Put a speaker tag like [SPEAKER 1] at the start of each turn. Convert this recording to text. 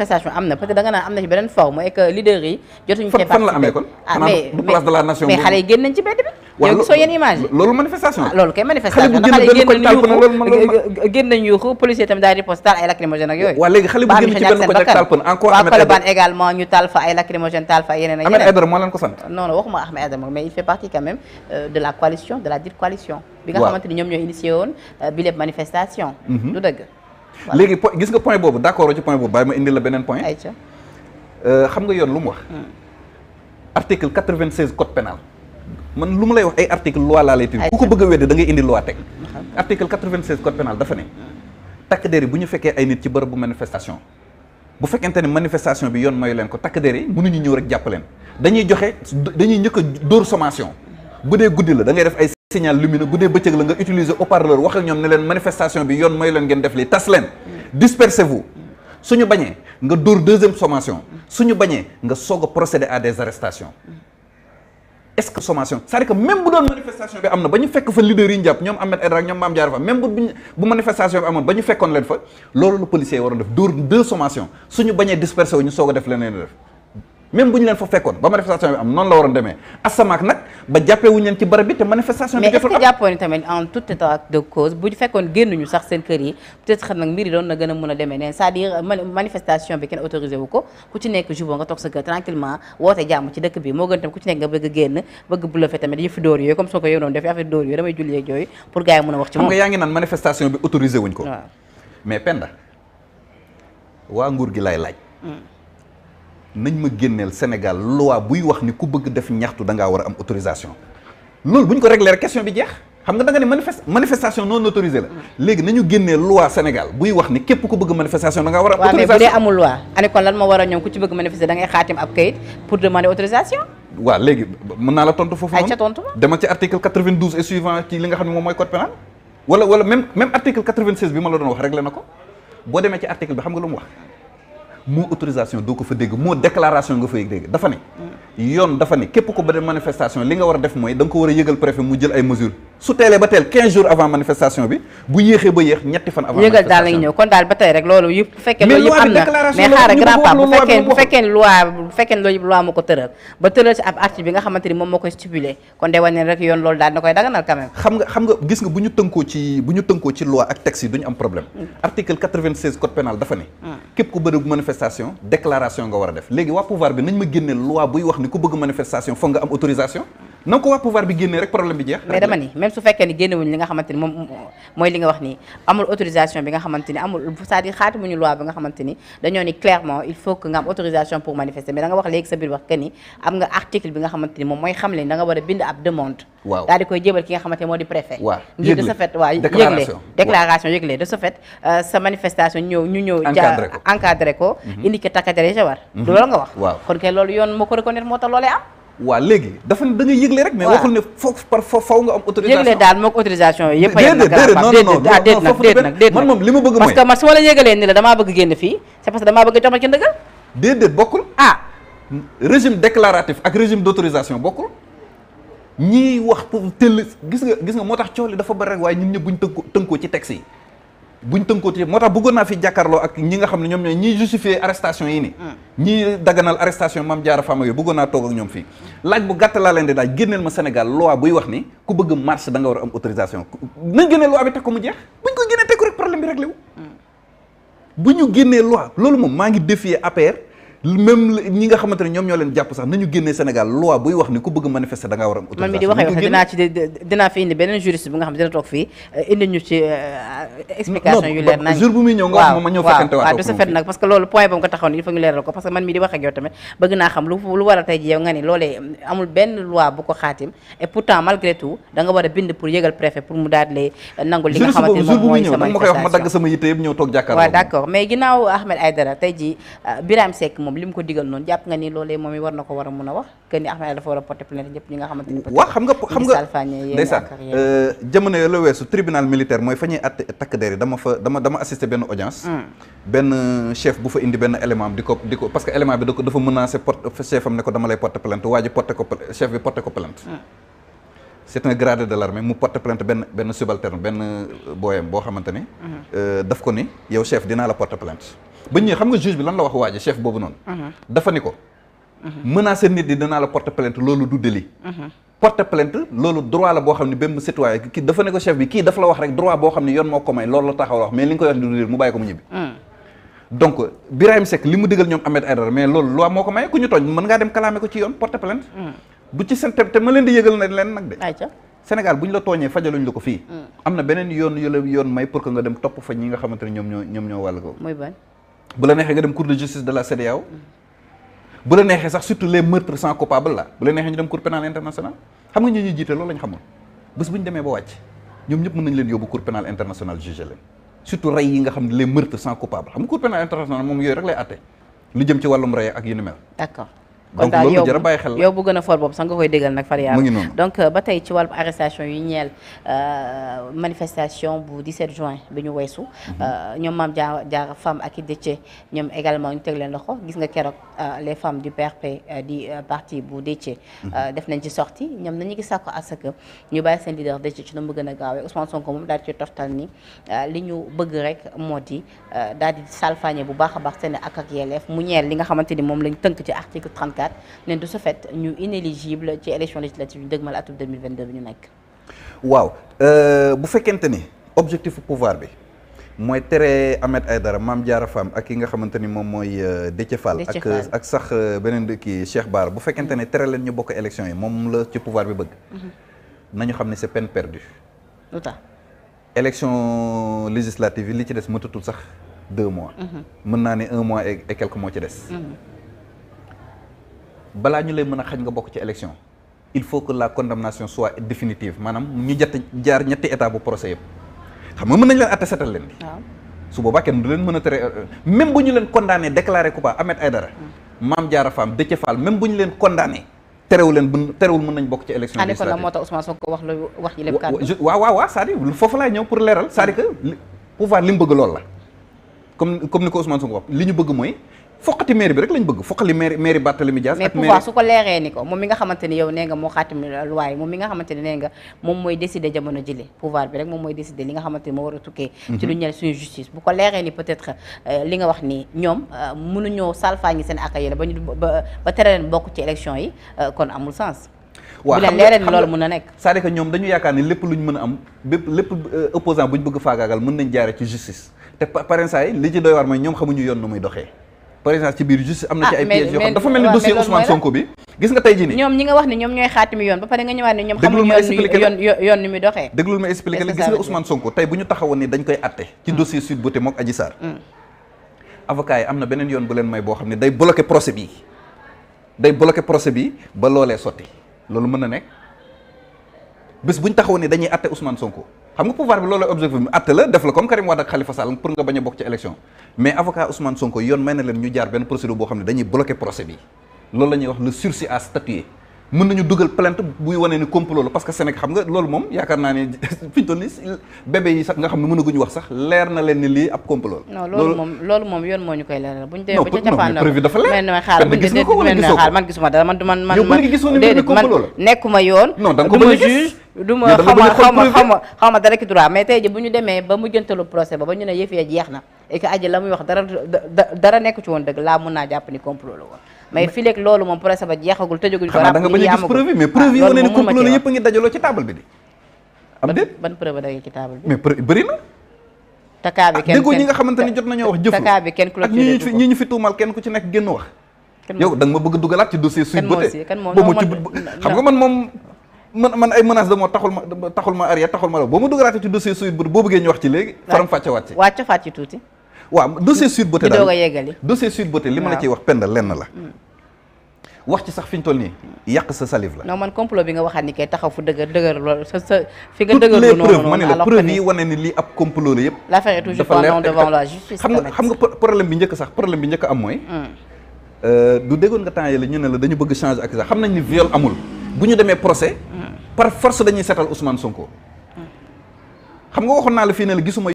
[SPEAKER 1] prestation am na parce que da nga naan am na ci beneen forme mooy que leader yi jotuñu cee fan la amee kon ah mais place de la nation mais xale yi génn nañ ci mbedd bi yow gisoo yenn image loolu manifestation ah, loolu kay manifestation ndax xale yi génn nañ yuuxu génn nañ yuuxu policier tamit daal di riposte taal ay lacrymogène ak yooyu waaw léegi xale bu génn ci benn ko jak taal pën encore waa Colobane également ñu taal fa ay lacrymogène taal fa yeneen ak yeneen Ahmed Aïdara moo leen ko sant non non waxuma Ahmed Aïdara mais il fait partie quand même euh, de la coalition de la dite coalition bi nga xamante ni ñoom ñoo initié woon euh, bi lépp manifestation mhm. du dëgg
[SPEAKER 2] léegi po gis nga point boobu d'accord ci point boobu bàyyi ma indi la beneen point.
[SPEAKER 1] Euh,
[SPEAKER 2] xam nga yoon lu mu wax. Hmm. article 96 code pénal man lu mu lay wax ay article loi laa lay tudd. ku ko bëgg a wedde da ngay indi loi teg. article 96 code pénal dafa ne. takk der yi bu ñu fekkee ay nit ci bërëbu manifestation. bu fekkente ne manifestation bi yoon mayu leen ko takk der yi ñu ñëw rek jàpp leen dañuy joxe dañuy njëkk a dóor sommation bu dee guddi la da ngay def ay. signal lumineux bu dee bëccëg la nga utiliser haut-parleur wax ak ñoom ne leen manifestation bi yoon mooy leen ngeen def lii tas leen dispersez-vous suñu bañee nga dóor deuxième sommation suñu bañee nga soog a procéder à des arrestations est-ce que sommation cest bu doon manifestation bi am na ba ñu fekk fa leader yi ñu jàpp ñoom Ahmed Aidara ak ñoom Mame Diarra Fam même bu bu manifestation bi amoon ba ñu fekkoon leen fa loolu la policiers yi waroon def dóor deux sommations suñu bañee disperser wu ñu soog def leneen même bu ñu leen fa fekkoon ba manifestation bi am noonu la waroon demee asamaak nag ba jàppee leen ci barab bi te manifestation bi mais
[SPEAKER 1] tamit en tout état de cause bu ñu fekkoon génnuñu sax seen kër yi peut-être xam nag mbir yi doon na gën a bi wu ko ku ci nekk jubo nga toog sa kër tranquillement woote jàmm ci dëkk bi moo gën tamit ku ci nekk nga bëgg génn bëgg bluffé tamit yëfi dóor yooyu comme soo ko yow doon defee affaire dóor yooyu damay julli ak pour gars yi mën a wax ci moom xam nga yaa ngi naan
[SPEAKER 2] manifestation bi autorisé ko mais lay laaj hmm. nañ ma génneel Sénégal loi buy wax ni ku bëgg def ñaxtu danga war a am autorisation loolu bu ñu ko réglé rek question bi jeex xam nga da nga ne manifest manifestation non autorisée la léegi nañu génnee loi Sénégal buy wax ni képp ku bëgg manifestation da war a am autorisation waaw mais bu dee
[SPEAKER 1] amul loi ani kon lan
[SPEAKER 2] a la wala wala même même article 96 bi ma la doon wax réglé na ko boo demee ci article bi xam nga lu wax moo autorisation doo ko fa dégg moo déclaration nga fay dégg dafa ne yoon dafa ne képp ko ba dem manifestation li nga war def mooy da nga ko war a yëgal préfet mu jël ay mesures su teelee ba teel 15 jours avant manifestation bi bu yéexee ba yéex ñetti fan. avant manifestation yëgal daal lañu ñëw
[SPEAKER 1] kon daal ba tey rek loolu yëpp. bu fekkee loolu yëpp na mais xaaral loolu yëpp loi moo ko tëral ba tëral si ab article bi nga xamante moom moo koy stipulé kon day wane rek yoon loolu daal na koy daganal quand même.
[SPEAKER 2] xam nga xam nga gis nga bu ñu tënkoo ci bu ñu tënkoo ci loi ak texte yi duñu am problème. Mm. article 96 code pénal dafa ne. Mm. képp ku bëgg manifestation déclaration nga a def léegi waa bëgg manifestation foog am autorisation na nga ko pouvoir bi génnee rek problème bi jeex mais dama ni
[SPEAKER 1] même su fekkee ni génnewuñ li nga xamante mooy li nga wax nii amul autorisation bi nga xamante amul c'est-à-dire xaati muñu loi bi nga xamante moom mooy xam leen da war a bind ab demande waaw koy jébal ki nga xamante moo di préfet waaw ngir de ce fait déclaration yëgle de ce fait euh, sa manifestation ñu ñëw encadré ko mhm. indi ko takkatere sa war du mhm. loolu nga wax kon kay loolu yoon waa léegi dafa ne da nga yëgle rek. mais waxul ne foofu par faw nga am. autorisation yëgle daal moog autorisation yëpp a yem nag. déedéet moom li ma bëgg mooy. parce que ma la yëgalee ni la damaa bëgg génn fii c'est parce que damaa bëgg a jox ma ci ndëggal.
[SPEAKER 2] déedéet bokkul ah régime déclaratif ak régime d'autorisation bokkul ñiy wax pour tëll gis nga gis nga moo tax coow li dafa bari rek waaye ñun ñëpp buñ tënkoo tënkoo ci texte yi bu buñ tënkootee moo tax bëggoon naa fi jàkkaarloo ak ñi nga xam ne ñoom ñooy ñiy justifier arrestation yi ni hmm. ñi daganal arrestation Mame Diarra Fam yooyu bëggoon naa toog ak ñoom fii laaj bu gàtt laa leen di daaj génneel ma Sénégal loi buy wax ni ku bëgg marche da nga war am autorisation nañ génnee loi bi teg ko mu jeex buñ ko génnee teg rek problème bi réglé wu hmm. bu ñu génnee loi loolu moom maa ngi défier APR même ñi nga xamante ñoom ñoo leen jàpp sax nañu génnee Sénégal loi buy wax ni ku bëgg manifester da war
[SPEAKER 1] ma a bind pour yëgal préfet pour mu daal di lay li nga xamante moom mooy sama
[SPEAKER 2] ma yëpp ñëw toog jàkkaarloo waaw d'accord
[SPEAKER 1] mais ginnaaw Ahmed Aïdara tey ji eh, Birame Seck moom li mu ko digal noonu jàpp nga ni loolee moom war na ko war a mun a wax que ni Ahmed dafa war a porter plainte ñëpp ni nga xam nga ndeysaan
[SPEAKER 2] euh, la weesu tribunal militaire mooy fa ñuy atte takk der yi dama fa dama dama benn audience hmm. benn chef bu fa indi benn élément am di ko di ko parce que élément bi da ko dafa menacé porte chef am ne ko dama lay porter plainte waa ji porter ko hmm. c'est un gradé de mu porte plainte benn benn benn euh, booyam xamante ni hmm. euh, daf ko ni yow chef la porter ba ñëwee xam nga juge bi lan la wax waaje chef boobu noonu uh-huh. dafa ni ko uh-huh. menacer nit di danaa la porte plainte loolu du délit uh-huh. porte plainte loolu droit la boo xam ne benn citoyen kii dafa ne ko chef bi kii dafa la wax rek droit boo xam ne yoon moo ko may loolu la taxaw la wax mais li mu digal ñoom Ahmed Aïdara mais loolu loi moo ko may ku ñu tooñ mën ngaa dem kalaame ko ci yoon porte plainte bu ci seen te ma leen di yëgal nag de Sénégal bu ñu la tooñee bu la neexee nga dem cour de justice de la CEDEAO bu la neexee sax surtout les meurtres sans coupable la bu la neexee ñu dem cour pénale internationale xam nga ñu ñuy jiite loolu lañ xamul bés bu ñu demee ba wàcc ñoom ñëpp mën nañ leen yóbbu cour pénale internationale jugé leen surtout rey yi nga xam ne les meurtres sans coupable xam nga cour pénale internationale moom yooyu rek lay àtte lu jëm ci wàllum rey ak yu ni mel
[SPEAKER 1] kon daal jar a yow bu gën a fort boobu sax nga koy déggal nag far yàlla donc euh, ba tey ci wàllu arrestation yu ñeel euh, manifestation bu 17 juin bi ñu weesu mhm. euh, ñoom maam jaar jaar femme ak i Déthié ñoom également ñu teg leen loxo gis nga keroog les femmes du PRP di parti bu Déthié mhm. def nañ ci sorti ñoom nañu ngi sàkku à que ñu bàyyi seen leader Déthié ci nu mu gën a gaawee Ousmane Sonko moom daal di ci toftal ni li ñu bëgg rek moo di daal di salfaañe bu baax a baax seen ak ak yelleef mu ñeel li nga xamante ni moom lañ tënk ci article 34 2024 ne de ce fait ñu inéligible ci élection législative ñu dëgmal atum 2022 bi ñu nekk.
[SPEAKER 2] waaw euh, bu fekkente ni objectif pouvoir bi mooy tere Ahmed Aïdara Mame Diarra Fam ak ki nga xamante ni moom mooy euh, Déthié Fall ak ak sax euh, beneen kii Cheikh Bara bu fekkente ne mm-hmm. tere leen ñu bokk élection yi moom la ci pouvoir bi bëgg mm-hmm. nañu xam ne c'est peine perdue lu tax élection législative yi li ci des matatul sax deux mois mm-hmm. mën naa ne un mois et quelques moo ci des balaa ñu lay mën a xañ nga bokk ci élection il faut que la condamnation soit définitive maanaam ñu jot jaar ñetti état bu procès yëpp xam nga mën nañ leen atte setal leen. su boobaa kenn du leen mën a tere euh, même bu ñu leen condamné déclaré coupable Ahmed Aïdara. Hmm. Mame a Fam Déthié Fall même bu ñu leen condamné. terewul leen bu terewul mën nañ bokk ci élection législative moo tax
[SPEAKER 1] Ousmane wax loolu wax ji lépp
[SPEAKER 2] waaw waaw waaw cest foofu laay ñëw pour leeral c'est-à-dire que pouvoir li mu bëgg loolu la comme comme ni ko Ousmane li ñu bëgg mooy foqati mairie bi rek lañ bëgg foqali mairie mairie Barthélemy Dias. ak mairie mais pouvoir su
[SPEAKER 1] ko leeree ni ko moom mi nga xamante ni yow nee nga moo xaatim loi moom mi nga xamante ni nee moom mooy décider jamono jile pouvoir bi rek moom mooy décider li nga xamante moo war a tukkee. Mhm. ci lu ñel suñu justice bu ko leeree ni peut-être euh, li nga wax ni ñoom euh, mënuñoo salfaañi seen ak yéen ba ba tere leen bokk ci élection yi euh, kon amul sens. waaw xam nga loolu mën a nekk.
[SPEAKER 2] c'est-à-dire ñoom dañu yaakaar ne lépp lu ñu mën a am bépp lépp nañ jaare ci justice te parents muy doxee par exemple ci biir justice am na ci ah, ay pièges yoo xam dafa mel ni dossier Ousmane Sonko bi gis nga tey jii nii ñoom
[SPEAKER 1] ñi nga wax ne ñoom ñooy xaatimi yoon ba pare nga ñëwaat ne ñoom xamuñu ni
[SPEAKER 2] déglul ma expliqué la gis nga Ousmane Sonko tey bu ñu taxawoon ni dañ koy atte ci hmm. dossier Sweet Beauté mook Adji Sarr hmm. avocat yi am na beneen yoon bu leen may boo xam ne day bloqué procès bi day bloqué procès bi ba loolee sotti loolu mën na nekk bés bu ñu taxaw ne dañuy atte Ousmane Sonko xam nga pouvoir bi loolu objectif bi atte la def la comme Karim Wade ak Khalifa Sall pour nga bañ a bokk ci élection mais avocat Ousmane Sonko yoon may na leen ñu jaar benn procédure boo xam ne dañuy bloquer procès bi xam ne fi ñu toll nii sax nga xam ne mënaguñu wax sax leer na leen ni lii ab complot la.
[SPEAKER 1] loolu loolu moom yoon moo ñu koy leeral bu ñu demee ba ca man gisuma dara man man du ma xaw ma xaw ma xaw ma xaw ma dara ki droit mais tey ji bu a gis preuve mais preuve yi wane ni complot la ah, yëpp ci table bi di ban preuve da nga ci table
[SPEAKER 2] bi mais preuve bëri na
[SPEAKER 1] ah, kenn déggoo ñi nga xamante ni jot nañoo wax jëf kenn ak ñi ñu fi kenn ku ci
[SPEAKER 2] nekk génn wax yow da nga ma bëgg dugalaat ci dossier suite ba tey boo moom man ay menace de mort taxul ma taxul ma arrière taxul ma la boo ma dugaraate ci dossier Sweet Beauté boo bëggee ñu wax ci léegi faram fàccewaat ci waa
[SPEAKER 1] cofaat ci tuuti
[SPEAKER 2] waaw dossier Sweet Beauté a yeggali dossier Sweet Beauté li ma la ciy wax pend lenn la mm. wax ci sax fi ñu toll nii yàq sa salive la
[SPEAKER 1] non man complot bi nga waxaat ni kay taxaw sa sa fi nga dëgër lool noonu ma ne la preuve yi
[SPEAKER 2] wane ni lii ab complot la yëpp xam nga xam nga bi njëkk sax problème bi njëkk am mooy mm. euh, du déggoon ñu ne la dañu bëgg
[SPEAKER 1] par force dañuy seetal Ousmane Sonko. xam nga waxoon naa la fii ne la gisuma